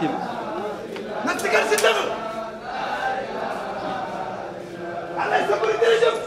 kii na sikar si dëgg alay sabari jërëjëf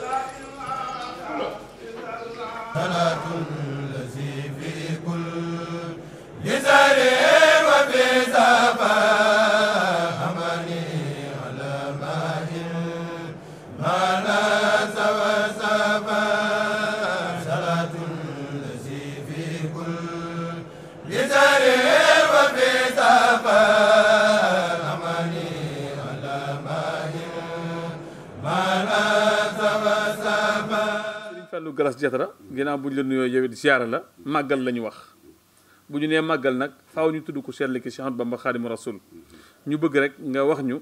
Abdou Garas Jatara ginnaaw bu ñu la nuyoo yow it ziyaara la màggal la ñu wax bu ñu nee màggal nag faw ñu tudd ku sell ki Cheikh Bamba Xaadimu Rasuul ñu bëgg rek nga wax ñu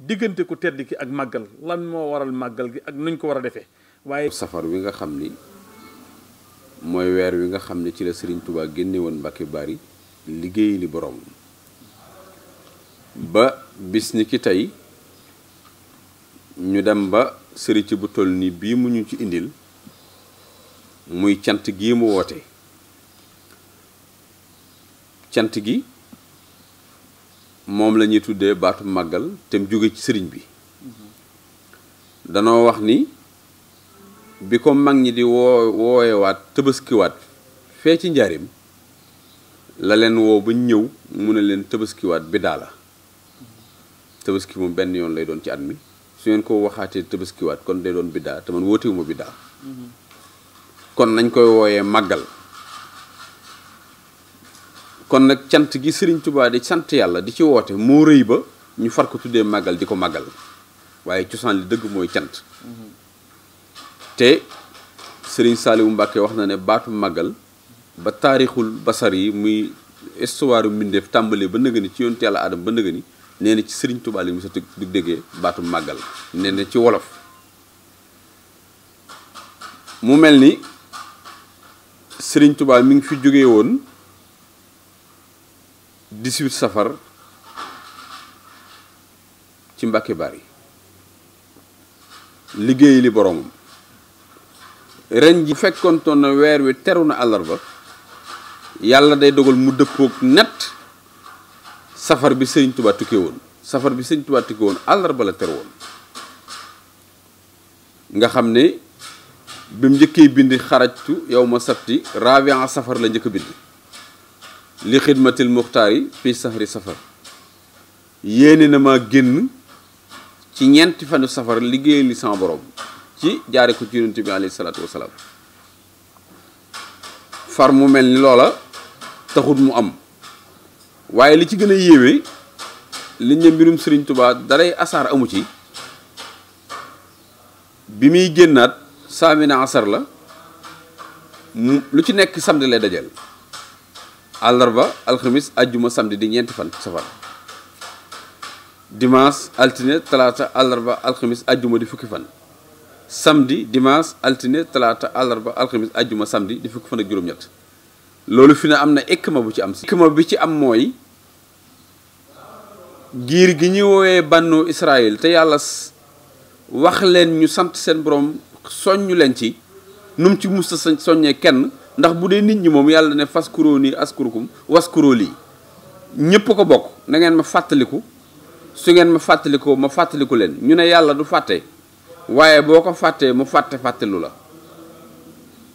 diggante ku tedd ki ak màggal lan moo waral màggal gi ak nañ ko war a defee waaye. safar wi nga xam ni mooy weer wi nga xam ne ci la Serigne Touba génne woon Mbacke Bari liggéey li boroom ba bis ni ki tey ñu dem ba sëri ci bu toll nii bii mu ñu ci indil muy cant gii mu woote cant gi moom la ñuy tuddee baatu màggal te mu jóge ci sëriñ bi danoo wax ni bi ko mag ñi di woo wooyewaat tëbaskiwaat fee ci njaarim la leen woo ba ñëw mu ne leen tëbaskiwaat bi daa la tëbaski moom benn yoon lay doon ci at mi su ngeen ko waxaatee tëbaskiwaat kon day doon biddaa te man wootewu ma biddaa kon nañ koy wooyee màggal kon nag cant gi sëriñ Touba di sant yàlla di ci woote moo rëy ba ñu far ko tuddee màggal di ko màggal waaye cosaan li dëgg mooy cant te sëriñ Serigne Saliou Mbacke wax na ne baatu màggal ba taarixul basar yi muy histoire mbindeef tàmbalee ba nëgë ni ci yonent yàlla aadama ba nëgë ni nee ci Serigne Touba li mu sa du déggee baatu màggal nee ci wolof mu mel ni sëriñ tubaa mi ngi fi jóge woon 18 safar ci Mbàkke Bari liggéey li boromam ren ji fekkontoon na weer wi teru na àllarba yàlla day dogal mu dëppook nett safar bi Serigne Touba tukkee woon safar bi Serigne Touba tukkee woon àllarba la teru woon nga xam ne bi mu njëkkee bind xarajtu yow ma sabti raabian safar la njëkk bind li xidmatil muxtaar yi fii safari safar yéene na ma génn ci ñeenti fanu safar liggéey li sama borom ci jaare ko ci yonent bi alayhi salaatu wasalaam far mu mel ni loola taxut mu am waaye li ci gën a yéeme liñ ne mbirum Sëriñ Tubaa daray asaar amu ci bi muy génnaat saamina asar la lu ci nekk samedi lay dajal àllarba alxamis ajjuma samedi di ñeenti fan safar dimanche altine talaata àllarba alxamis ajjuma di fukki fan samedi dimanche altine talaata àllarba alxamis ajjuma samedi di fukki fan ak juróom-ñett loolu fi ne am na ikma bu ci am si ikma bi ci am mooy giir gi ñuy woowee bànnu Israël te yàlla wax leen ñu sant seen boroom soññu leen ci nu ci ci musta soññee kenn ndax bu dee nit ñi moom yàlla ne fas kuroo nii askurukum was kuroo lii ñëpp ko bokk nangeen ma fàttaliku su ngeen ma fàttalikoo ma fàttaliku leen ñu ne yàlla du fàtte waaye boo ko fàttee mu fàtte fàttelu la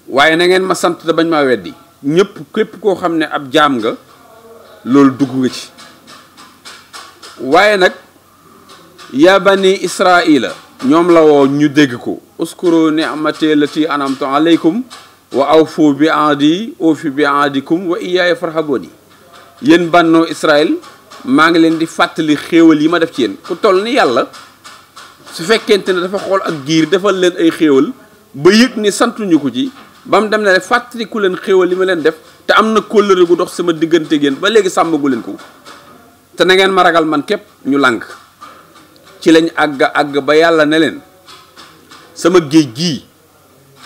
waaye na ngeen ma sant te bañ maa weddi ñëpp képp koo xam ne ab jaam nga loolu dugg nga ci waaye nag yaa bani israila ñoom la woo ñu dégg ko uskuru ni'mati allati an'amtu alaykum wa aw awfu bi aadi ufi bi aadikum wa iyaaya farhabuni yéen bànnoo Israël maa ngi leen di fàttali xéewal yi ma def ci yéen ku toll ni yàlla su fekkente ne dafa xool ak giir defal leen ay xéewal ba yëg ni santuñu ko ci ba mu dem ne fàttaliku leen xéewal yi ma leen def te am na kóllëre gu dox sama diggante yéen ba léegi sàmmagu leen ko te na ma ragal man képp ñu làng ci lañ àgg àgg ba yàlla ne leen sama géej gii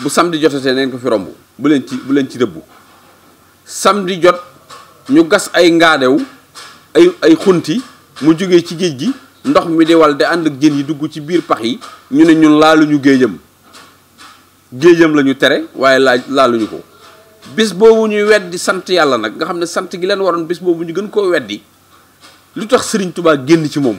bu samedi jotatee neen ko fi romb bu leen ci bu leen ci rëbbu samedi jot ñu gas ay ngaadew ay ay xunti mu jógee ci géej gi ndox mi di wal di ànd ak jën yi dugg ci biir pax yi ñu ne ñun laaluñu géejam géejëm la ñu tere waaye laaj laaluñu ko bis boobu ñu weddi sant yàlla nag nga xam ne sant gi leen waroon bis boobu ñu gën koo weddi lu tax Sëriñ Tuubaa génn ci moom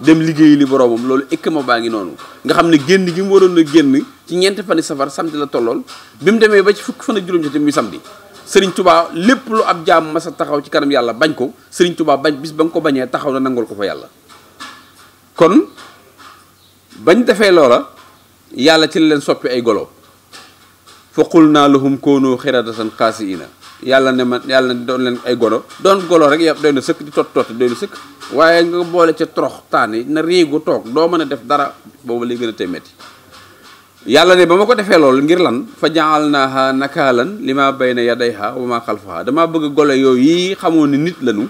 dem liggéeyi li boroomam loolu équement baa ngi noonu nga xam ne génn gi mu waroon na génn ci ñeenti fani safar samedi la tollool bi mu demee ba ci fukki fan ak juróom jotee muy samedi Serigne Touba lépp lu ab jaam masa taxaw ci kanam yàlla bañ ko Serigne Touba bañ bis ba nga ko bañee taxaw na nangul ko fa yàlla kon bañ defee loola yàlla ci la leen soppi ay golo foqul naa fa qul naa lahum koonoo xiradatan xaasiina yàlla ne man yàlla ne doon leen ay golo doon golo rek yëpp doy na sëkk di tot tot doy na sëkk waaye nga boole ca torox taan yi na riigu toog doo mën a def dara boobu lay gën a téeméti yàlla ne ba ma ko defee loolu ngir lan fa jaal naaha nakaalan li maa bay na yadayha wa ma xalfaha damaa bëgg golo yooyu yi xamoon ne nit lañu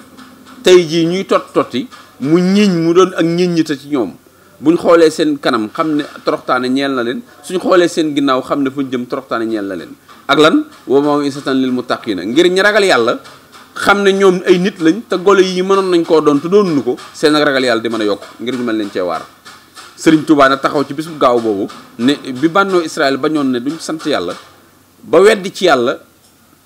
tey jii ñuy tot tooti mu ñiñ mu doon ak ñiñ ñi te ci ñoom buñ xoolee seen kanam xam ne toroxtaane ñeel na leen suñ xoolee seen ginnaaw xam ne fuñ jëm toroxtaane ñeel na leen ak lan wa maw'izatan lil muttaqina ngir ñi ragal yàlla xam ne ñoom ay nit lañ te golo yi mënoon nañ koo doon te doonunu ko seen ragal yàlla di mën yokk ngir ñu mel leen cee waar sëriñ Tuubaa nag taxaw ci bis gaaw boobu ne bi bànnoo Israël bañoon ne duñ sant yàlla ba weddi ci yàlla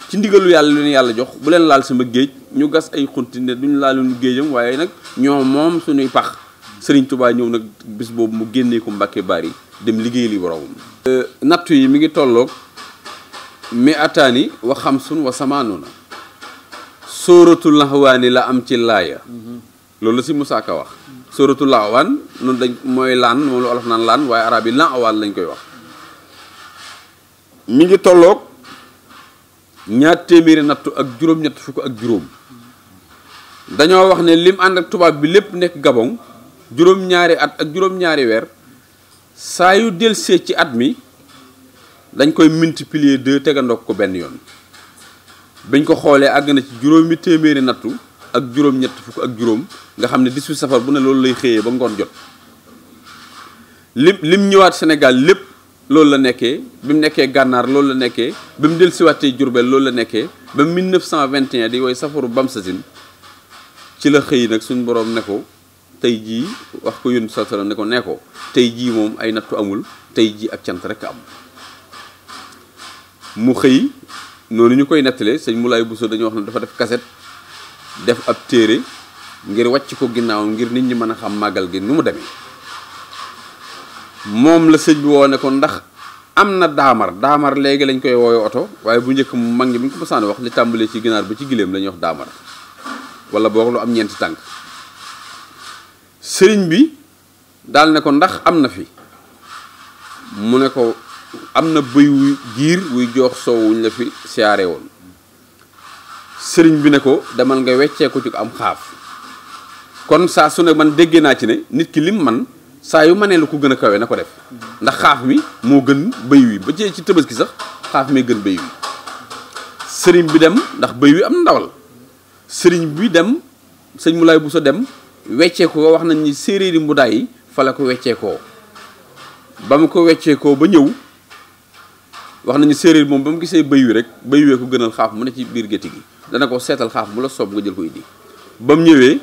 ci ndigalu yàlla lu leen yàlla jox bu leen laal ma géej ñu gas ay xunti ne duñ laaluñu géejam waaye nag ñoom moom suñuy pax sëriñ Touba ñëw nag bis boobu mu génnee ko Mbàkke Bari dem liggéey li boromam euh, nattu yi mi ngi tolloog mi ataani wa xamsun wa samaanu sóoratul laxwaani la am ci laaya mhm. loolu la si Musaa wax sóoratul laxwaan noonu dañ mooy laan moom la olof naan laan waaye arab yi laxwaan lañ koy wax mi ngi tolloog ñaar téeméeri nattu ak juróom-ñett fukk ak juróom dañoo wax ne lim ànd ak tubaab bi lépp nekk Gabon juróom-ñaari at ak juróom-ñaari weer saa yu delsee ci at mi dañ koy multiplier deux tegandoog ko benn yoon biñ ko xoolee àgg na ci juróomi téeméeri nattu ak juróom-ñett fukk ak juróom nga xam ne su safar bu ne loolu lay xëyee ba ngoon jot lim lim ñëwaat senegal lépp loolu la nekkee bi mu nekkee gànnaar loolu la nekkee bi mu dellusiwaatee Jurbel loolu la nekkee ba vingt 1921 di woy safaru Bamsasine ci la xëy nag suñu boroom ne ko tey jii wax ko yónni saa ne ko nee ko tey jii moom ay nattu amul tey jii ak cant rek am mu xëy noonu ñu koy nettalee sëñ Moulay Bousso dañuy wax ne dafa def kaset def ab téere ngir wàcc ko ginnaaw ngir nit ñi mën a xam màggal gi nu mu demee moom la sëñ bi woo ne ko ndax am na daamar daamar léegi lañ koy woowe oto waaye bu njëkk mu mag ñi bu ñu ko mësaan wax li tàmbalee ci ginaar ba ci gileem lañu wax daamar wala boog lu am ñeenti tànk sëriñ bi daal ne ko ndax am na fi mu ne ko am na bëy wu giir wuy joox soow wuñ la fi siyaare woon sëriñ bi ne ko demal nga weccee ko ci am xaaf kon saa su ne man déggee naa ci ne nit ki lim man saa yu manee la ko gën a kawe na ko def ndax xaaf mi moo gën bëy wi ba ci ci tabaski sax xaaf mi gën bëy wi sëriñ bi dem ndax bëy wi am ndawal sëriñ bi dem sëñ mu Moulay Bousso dem wecceekoo wax nañ ni séeréeri mbuddaay yi fa la ko wecceekoo ba mu ko wecceekoo ba ñëw wax nañu séeréer moom ba mu gisee bëy wi rek bëy wee ko gënal xaaf mu ne ci biir gétti gi dana ko seetal xaaf mu la soob nga jël ko indi ba mu ñëwee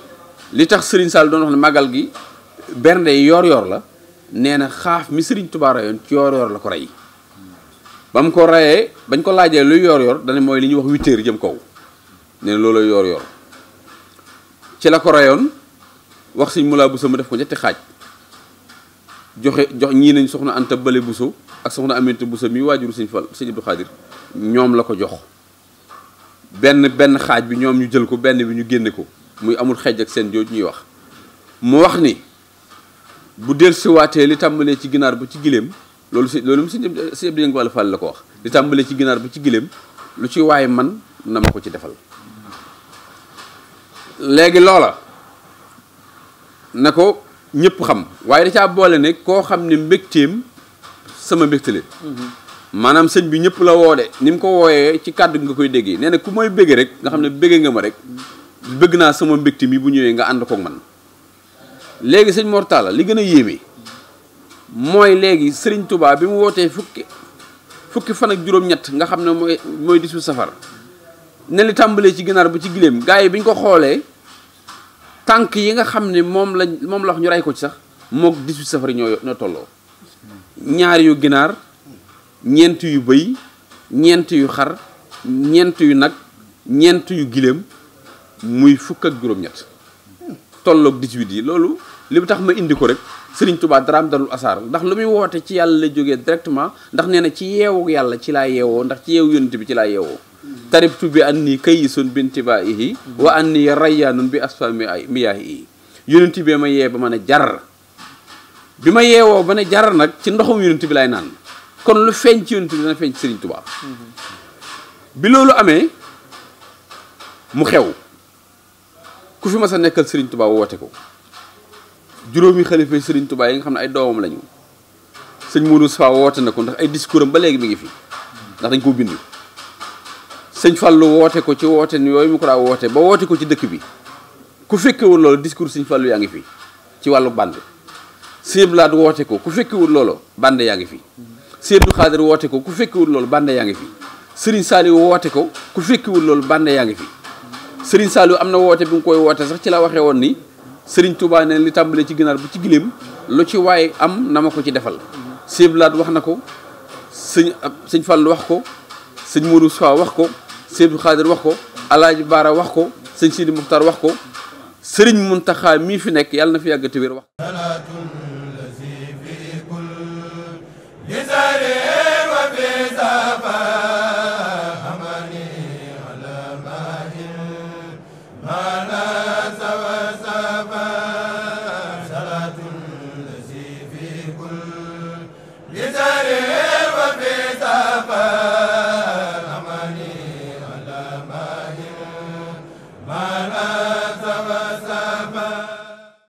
li tax Serigne Sall doon wax ne màggal gi bernde yi yoor yor la nee na xaaf mi Serigne Touba rayoon ci yor-yor la ko rey ba mu ko reyee bañ ko laajee lu yor yoor dana mooy li ñuy wax huit heures jëm kaw nee na yoor yor la ko rayoon wax sëñ Moulaa Bousso mu def ko ñetti xaaj joxe jox ñii nañ soxna Anta Bale Bousso ak soxna Aminata Bousso mi waajuru sëñ Fall sëñ Abdou Khadir ñoom la ko jox benn benn xaaj bi ñoom ñu jël ko benn bi ñu génne ko muy amul xeej ak seen jooju ñuy wax mu wax ni bu dellusiwaatee li tàmbalee ci ginaar bu ci gileem loolu si loolu si si Abdou Ndiang Wàlla Fall la ko wax li tàmbalee ci ginaar bu ci gileem lu ci waaye man na ma ko ci defal léegi loola na ko ñëpp xam waaye da caa boole ne koo xam ne mbégteem sama mbégte maanaam sëñ bi ñëpp la woo ni mu ko wooyee ci kàddu nga koy déggee nee na ku mooy bégge rek nga xam ne béggee nga ma rek bëgg naa sama mbégte mi bu ñëwee nga ànd koog man léegi sëñ Mor Talla li gën a yéeme mooy léegi sëriñ Touba bi mu wootee fukki fukki fan ak juróom-ñett nga xam ne mooy mooy disu safar ne li tàmbalee ci ginaar bu ci gileem gars yi bi ñu ko xoolee. tànk yi nga xam ne moom lañ moom la wax ñu rey ko ci sax mook 18 safari ñoo ñoo tolloo ñaar yu ginaar ñeent yu bëy ñeent yu xar ñeent yu nag ñeent yu giléem muy fukk ak juróom-ñett tolloog 18 yi loolu li mu tax ma indi ko rek Sëriñ Tuubaa daraam dalul asaar ndax lu muy woote ci yàlla la jógee directement ndax nee na ci yeewu yàlla ci laa yeewoo ndax ci yeewu yonent bi ci laa yeewoo taribtu bi anni kayisun bintibaihi wa anni rayyaanun bi asfa miyaahihi yonent bi ma yee ba ma a jar bi ma yeewoo ba ne jar nag ci ndoxum yonent bi lay naan kon lu feeñ ci yonent bi dana feeñ Sëriñ Tuubaa bi loolu amee mu xew ku fi mas a nekkal Sëriñ tubaa woote ko juróomi xalifa Sëriñ Tuubaa yi nga xam ne ay doomam lañu sëñ Modou Moustapha woote na ko ndax ay discours ba léegi mi ngi fi ndax dañ koo bind sëñ Fallou woote ko ci woote ni yooyu mu ko daa woote ba woote ko ci dëkk bi ku fekkewul loolu discours sëñ Fallou yaa ngi fi ci wàllu band sëñ Abdou woote ko ku fekkewul loolu band yaa ngi fi sëñ Abdou woote ko ku fekkewul loolu band yaa ngi fi Serigne Saliou woote ko ku fekkewul loolu band yaa ngi fi Serigne Saliou am na woote bi mu koy woote sax ci la waxee woon ni Serigne Touba neen ci ginaar bu ci gileem lu ci waaye am na ma ko ci defal sëñ wax na ko sëñ sëñ Fallou wax ko sëñ Modou wax ko Sëñ Xaadir wax ko Alaaji Baara wax ko sëñ Sidi Muxtaar wax ko sëriñ Muntaxa mii fi nekk yàlla na fi yàgg te wér wax